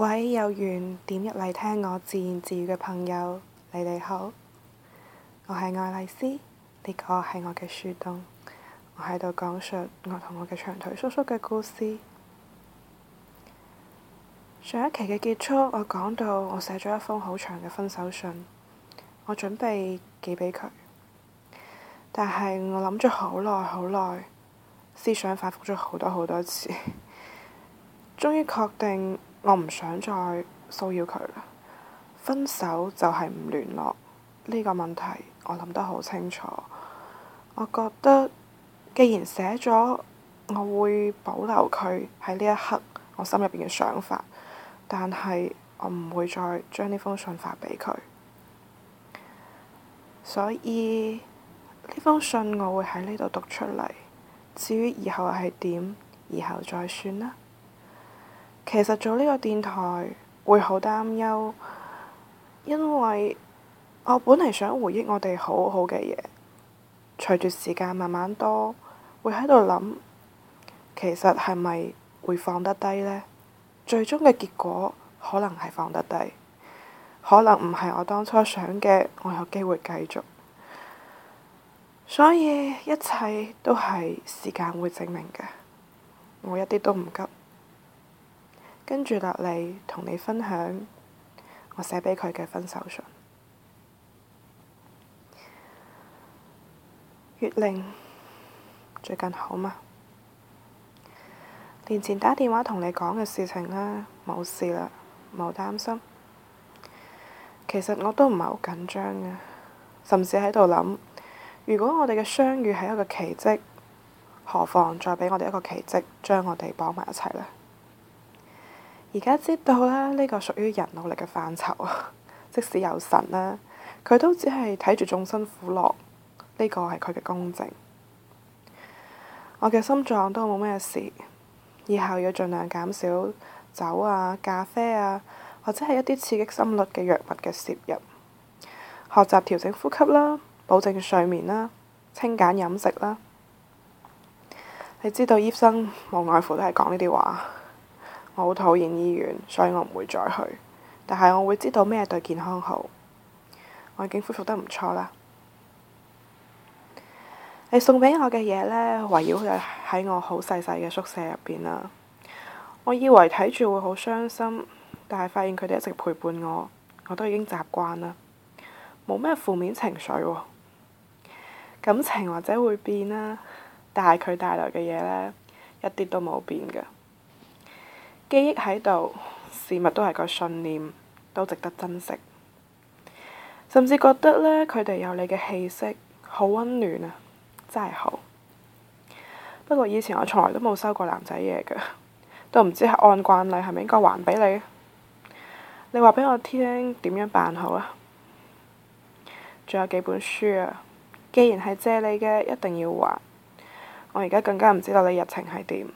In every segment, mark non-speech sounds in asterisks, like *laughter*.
各位有緣點入嚟聽我自言自語嘅朋友，你哋好，我係愛麗絲，呢個係我嘅樹洞，我喺度講述我同我嘅長腿叔叔嘅故事。上一期嘅結束，我講到我寫咗一封好長嘅分手信，我準備寄畀佢，但係我諗咗好耐好耐，思想反覆咗好多好多次，終於確定。我唔想再騷擾佢啦，分手就係唔聯絡，呢個問題，我諗得好清楚。我覺得既然寫咗，我會保留佢喺呢一刻我心入邊嘅想法，但係我唔會再將呢封信發畀佢。所以呢封信，我會喺呢度讀出嚟。至於以後係點，以後再算啦。其實做呢個電台會好擔憂，因為我本嚟想回憶我哋好好嘅嘢，隨住時間慢慢多，會喺度諗，其實係咪會放得低呢？最終嘅結果可能係放得低，可能唔係我當初想嘅，我有機會繼續，所以一切都係時間會證明嘅，我一啲都唔急。跟住落嚟，同你分享我寫俾佢嘅分手信。月玲，最近好嘛？年前打電話同你講嘅事情啦，冇事啦，冇擔心。其實我都唔係好緊張嘅，甚至喺度諗，如果我哋嘅相遇係一個奇蹟，何妨再俾我哋一個奇蹟，將我哋綁埋一齊呢？而家知道啦，呢個屬於人努力嘅範疇，即使有神啦，佢都只係睇住眾生苦樂，呢個係佢嘅公正。我嘅心臟都冇咩事，以後要盡量減少酒啊、咖啡啊，或者係一啲刺激心率嘅藥物嘅攝入。學習調整呼吸啦，保證睡眠啦，清簡飲食啦。你知道醫生無外乎都係講呢啲話。我好討厭醫院，所以我唔會再去。但係我會知道咩對健康好。我已經恢復得唔錯啦。你送畀我嘅嘢呢，圍繞喺我好細細嘅宿舍入邊啦。我以為睇住會好傷心，但係發現佢哋一直陪伴我，我都已經習慣啦。冇咩負面情緒喎，啊。感情或者會變啦，但係佢帶來嘅嘢呢，一啲都冇變㗎。記憶喺度，事物都係個信念，都值得珍惜。甚至覺得呢，佢哋有你嘅氣息，好溫暖啊，真係好。不過以前我從來都冇收過男仔嘢㗎，都唔知係按慣例係咪應該還俾你。你話俾我聽點樣辦好啊？仲有幾本書啊，既然係借你嘅，一定要還。我而家更加唔知道你日程係點。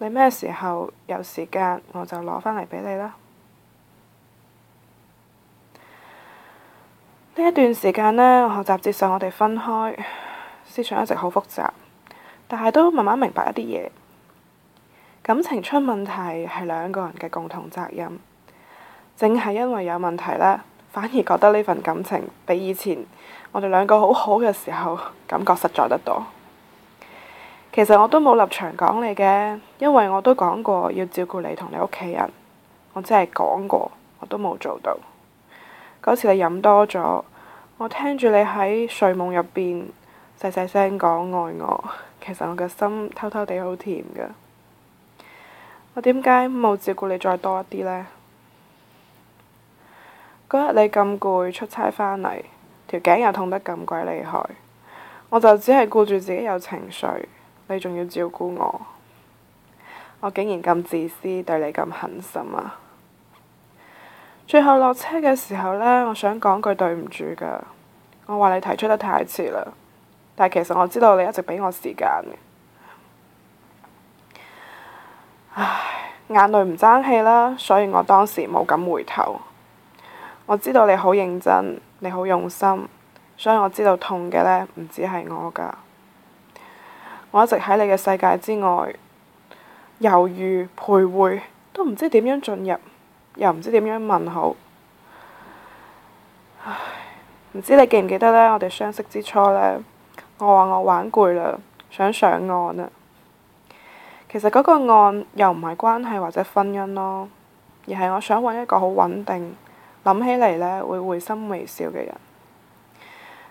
你咩時候有時間，我就攞翻嚟俾你啦。呢一段時間呢，我學習接受我哋分開，思想一直好複雜，但係都慢慢明白一啲嘢。感情出問題係兩個人嘅共同責任，正係因為有問題咧，反而覺得呢份感情比以前我哋兩個好好嘅時候，感覺實在得多。其實我都冇立場講你嘅，因為我都講過要照顧你同你屋企人，我只係講過，我都冇做到。嗰次你飲多咗，我聽住你喺睡夢入邊細細聲講愛我，其實我嘅心偷偷地好甜㗎。我點解冇照顧你再多一啲呢？嗰日你咁攰出差返嚟，條頸又痛得咁鬼厲害，我就只係顧住自己有情緒。你仲要照顧我，我竟然咁自私，對你咁狠心啊！最後落車嘅時候呢，我想講句對唔住噶，我話你提出得太遲啦，但係其實我知道你一直俾我時間。唉，眼淚唔爭氣啦，所以我當時冇敢回頭。我知道你好認真，你好用心，所以我知道痛嘅呢唔止係我噶。我一直喺你嘅世界之外，猶豫徘徊，都唔知點樣進入，又唔知點樣問好。唉，唔知你記唔記得呢？我哋相識之初呢，我話我玩攰啦，想上岸啊。其實嗰個岸又唔係關係或者婚姻咯，而係我想搵一個好穩定、諗起嚟呢會會心微笑嘅人。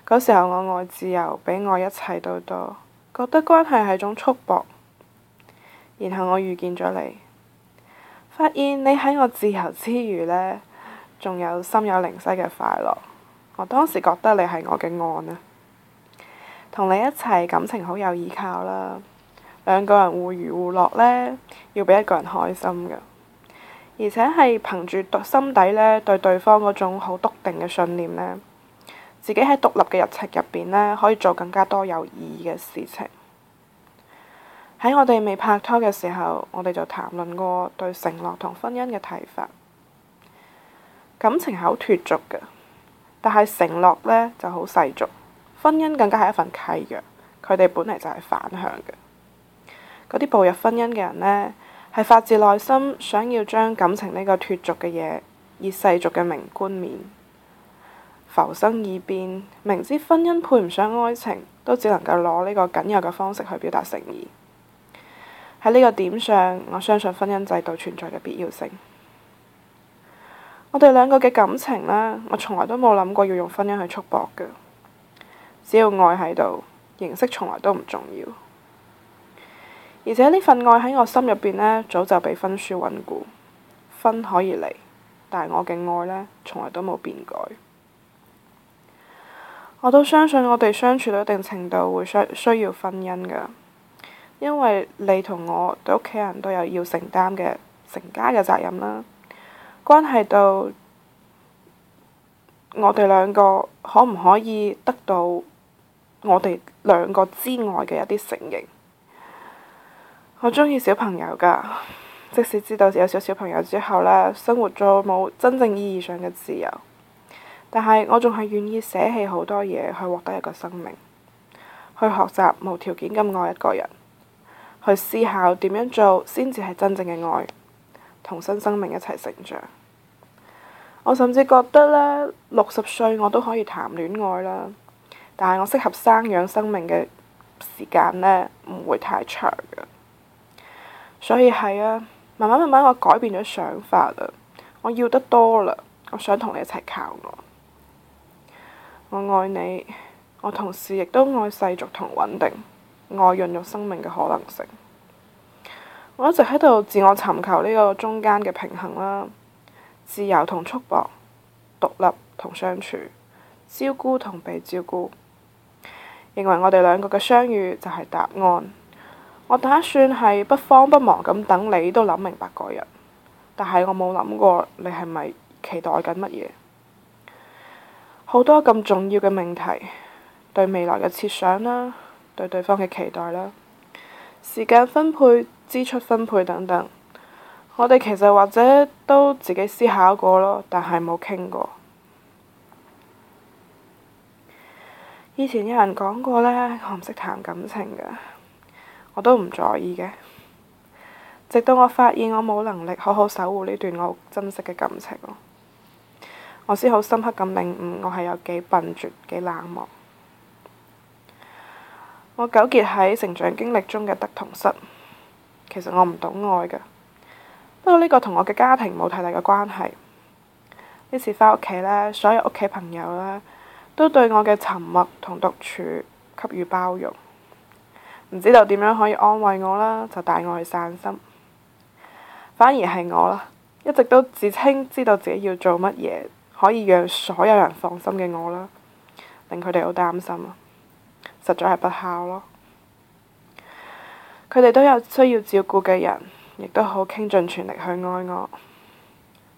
嗰時候我愛自由，比愛一切都多。覺得關係係種束縛，然後我遇見咗你，發現你喺我自由之餘呢，仲有心有靈犀嘅快樂。我當時覺得你係我嘅岸啊，同你一齊感情好有依靠啦。兩個人互娛互樂呢，要比一個人開心㗎，而且係憑住心底呢對對方嗰種好篤定嘅信念呢。自己喺獨立嘅日程入面呢，可以做更加多有意義嘅事情。喺我哋未拍拖嘅時候，我哋就談論過對承諾同婚姻嘅睇法。感情係好脫俗㗎，但係承諾呢就好世俗。婚姻更加係一份契約，佢哋本嚟就係反向嘅。嗰啲步入婚姻嘅人呢，係發自內心想要將感情呢個脫俗嘅嘢，以世俗嘅名冠冕。浮生易變，明知婚姻配唔上愛情，都只能夠攞呢個僅有嘅方式去表達誠意。喺呢個點上，我相信婚姻制度存在嘅必要性。我哋兩個嘅感情呢，我從來都冇諗過要用婚姻去束縛嘅。只要愛喺度，形式從來都唔重要。而且呢份愛喺我心入邊呢，早就被婚書穩固。婚可以離，但係我嘅愛呢，從來都冇變改。我都相信我哋相處到一定程度會需需要婚姻㗎，因為你同我對屋企人都有要承擔嘅成家嘅責任啦，關係到我哋兩個可唔可以得到我哋兩個之外嘅一啲承認。我鍾意小朋友㗎，即使知道有咗小朋友之後呢，生活再冇真正意義上嘅自由。但係我仲係願意捨棄好多嘢去獲得一個生命，去學習無條件咁愛一個人，去思考點樣做先至係真正嘅愛，同新生命一齊成長。我甚至覺得咧，六十歲我都可以談戀愛啦。但係我適合生養生命嘅時間咧，唔會太長嘅。所以係啊，慢慢慢慢我改變咗想法啦。我要得多啦，我想同你一齊靠岸。我愛你，我同時亦都愛世俗同穩定，愛孕育生命嘅可能性。我一直喺度自我尋求呢個中間嘅平衡啦，自由同束縛，獨立同相處，照顧同被照顧。認為我哋兩個嘅相遇就係答案。我打算係不慌不忙咁等你都諗明白嗰日，但係我冇諗過你係咪期待緊乜嘢？好多咁重要嘅命題，對未來嘅設想啦，對對方嘅期待啦，時間分配、支出分配等等，我哋其實或者都自己思考過咯，但係冇傾過。以前有人講過呢，我唔識談感情㗎，我都唔在意嘅。直到我發現我冇能力好好守護呢段我珍惜嘅感情咯。我先好深刻咁領悟，我係有幾笨拙、幾冷漠。我糾結喺成長經歷中嘅得同失，其實我唔懂愛嘅。不過呢個同我嘅家庭冇太大嘅關係。呢次翻屋企呢，所有屋企朋友咧都對我嘅沉默同獨處給予包容，唔知道點樣可以安慰我啦，就帶我去散心。反而係我啦，一直都自稱知道自己要做乜嘢，可以讓所有人放心嘅我啦，令佢哋好擔心啊，實在係不孝咯。佢哋都有需要照顧嘅人，亦都好傾盡全力去愛我，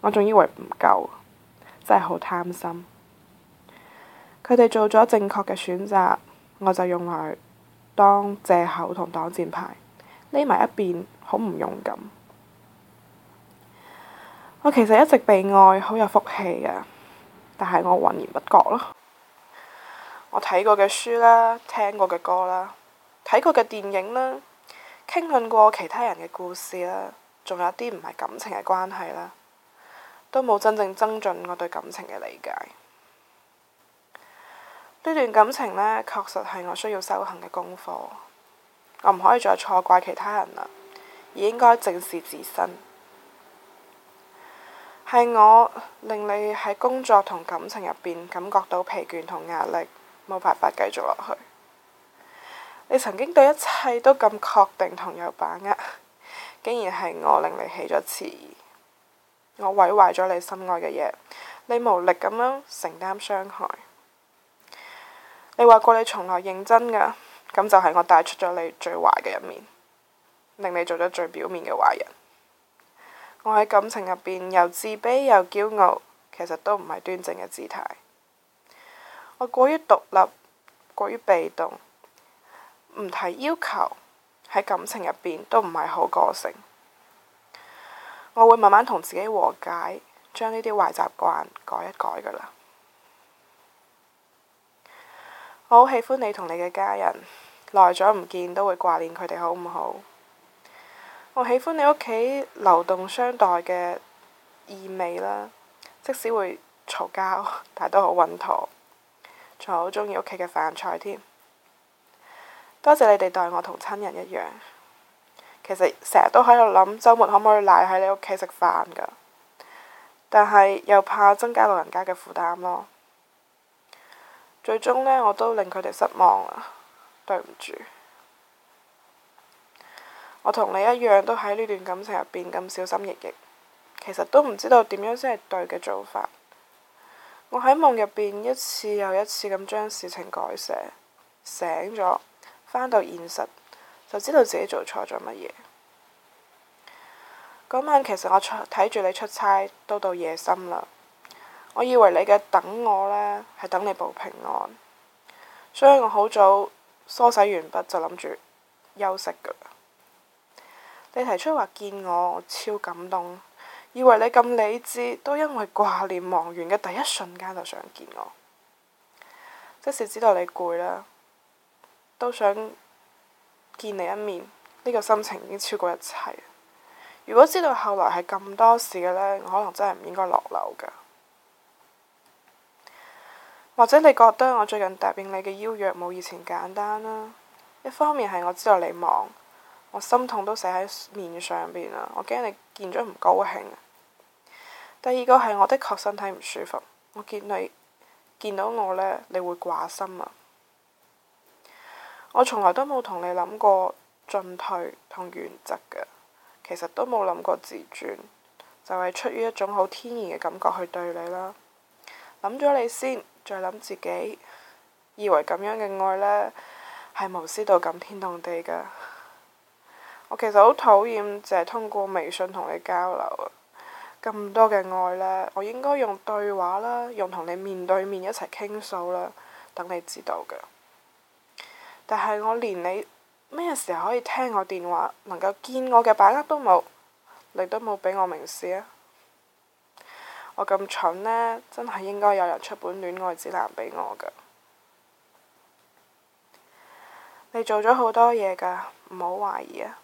我仲以為唔夠，真係好貪心。佢哋做咗正確嘅選擇，我就用來當藉口同擋箭牌，匿埋一邊，好唔勇敢。我其實一直被愛，好有福氣嘅，但係我渾然不覺咯。我睇過嘅書啦，聽過嘅歌啦，睇過嘅電影啦，傾論過其他人嘅故事啦，仲有啲唔係感情嘅關係啦，都冇真正增進我對感情嘅理解。呢段感情呢，確實係我需要修行嘅功課。我唔可以再錯怪其他人啦，而應該正視自身。係我令你喺工作同感情入邊感覺到疲倦同壓力，冇辦法繼續落去。你曾經對一切都咁確定同有把握，竟然係我令你起咗遲疑，我毀壞咗你心愛嘅嘢，你無力咁樣承擔傷害。你話過你從來認真噶，咁就係我帶出咗你最壞嘅一面，令你做咗最表面嘅壞人。我喺感情入邊又自卑又驕傲，其實都唔係端正嘅姿態。我過於獨立，過於被動，唔提要求，喺感情入邊都唔係好個性。我會慢慢同自己和解，將呢啲壞習慣改一改㗎喇。我好喜歡你同你嘅家人，耐咗唔見都會掛念佢哋好唔好？我喜歡你屋企流動相待嘅意味啦，即使會嘈交，但都好溫和，仲好中意屋企嘅飯菜添。多謝你哋待我同親人一樣。其實成日都喺度諗週末可唔可以賴喺你屋企食飯㗎，但係又怕增加老人家嘅負擔咯。最終呢，我都令佢哋失望喇，對唔住。我同你一樣，都喺呢段感情入邊咁小心翼翼，其實都唔知道點樣先係對嘅做法。我喺夢入邊一次又一次咁將事情改寫，醒咗翻到現實，就知道自己做錯咗乜嘢。嗰晚其實我睇住你出差，都到夜深啦。我以為你嘅等我呢係等你報平安，所以我好早梳洗完畢就諗住休息㗎。你提出話見我，我超感動，以為你咁理智，都因為掛念忙完嘅第一瞬間就想見我。即使知道你攰啦，都想見你一面，呢個心情已經超過一切。如果知道後來係咁多事嘅呢，我可能真係唔應該落樓噶。或者你覺得我最近答應你嘅邀約冇以前簡單啦，一方面係我知道你忙。我心痛都寫喺面上邊啊！我驚你見咗唔高興。第二個係我的確身體唔舒服，我見你見到我呢，你會掛心啊！我從來都冇同你諗過進退同原則嘅，其實都冇諗過自尊，就係、是、出於一種好天然嘅感覺去對你啦。諗咗你先，再諗自己，以為咁樣嘅愛呢，係無私到感天動地嘅。我其實好討厭，淨係通過微信同你交流。咁多嘅愛呢，我應該用對話啦，用同你面對面一齊傾訴啦，等你知道嘅。但係我連你咩時候可以聽我電話，能夠見我嘅把握都冇，你都冇俾我明示啊！我咁蠢呢，真係應該有人出本戀愛指南俾我㗎。你做咗好多嘢㗎，唔好懷疑啊！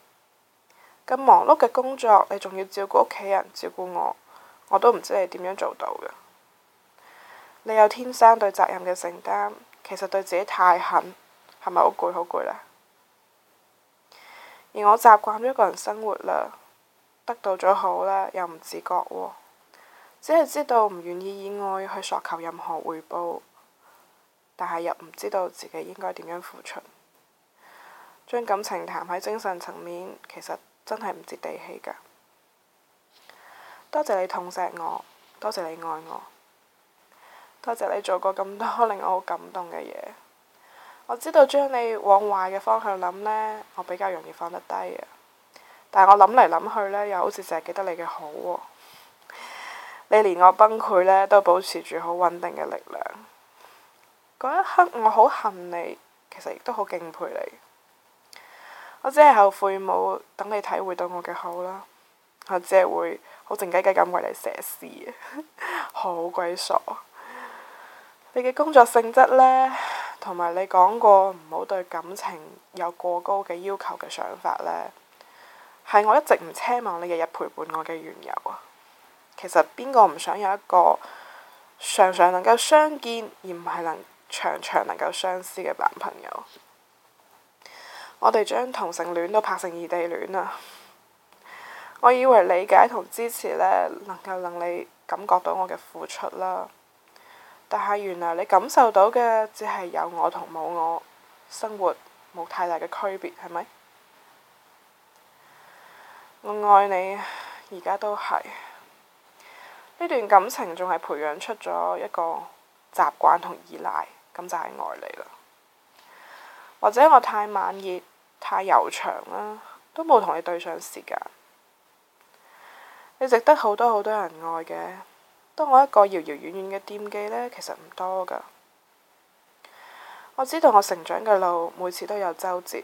咁忙碌嘅工作，你仲要照顧屋企人，照顧我，我都唔知你點樣做到嘅。你又天生對責任嘅承擔，其實對自己太狠，係咪好攰好攰咧？而我習慣咗一個人生活啦，得到咗好啦，又唔自覺喎，只係知道唔願意以愛去索求任何回報，但係又唔知道自己應該點樣付出，將感情談喺精神層面，其實～真係唔接地氣噶，多謝你痛錫我，多謝你愛我，多謝你做過咁多令我好感動嘅嘢。我知道將你往壞嘅方向諗呢，我比較容易放得低呀，但係我諗嚟諗去呢，又好似淨係記得你嘅好喎。你連我崩潰呢都保持住好穩定嘅力量。嗰一刻我好恨你，其實亦都好敬佩你。我只係後悔冇等你體會到我嘅好啦，我只係會好靜雞雞咁為你寫詩，好鬼傻。你嘅工作性質呢，同埋你講過唔好對感情有過高嘅要求嘅想法呢，係我一直唔奢望你日日陪伴我嘅緣由啊。其實邊個唔想有一個常常能夠相見而唔係能長長能夠相思嘅男朋友？我哋將同性戀都拍成異地戀啊！ *laughs* 我以為理解同支持呢，能夠令你感覺到我嘅付出啦。但係原來你感受到嘅，只係有我同冇我生活冇太大嘅區別，係咪？我愛你，而家都係。呢段感情，仲係培養出咗一個習慣同依賴，咁就係愛你啦。或者我太慢熱，太悠長啦，都冇同你對上時間。你值得好多好多人愛嘅，當我一個遙遙遠遠嘅惦記呢，其實唔多㗎。我知道我成長嘅路，每次都有周折。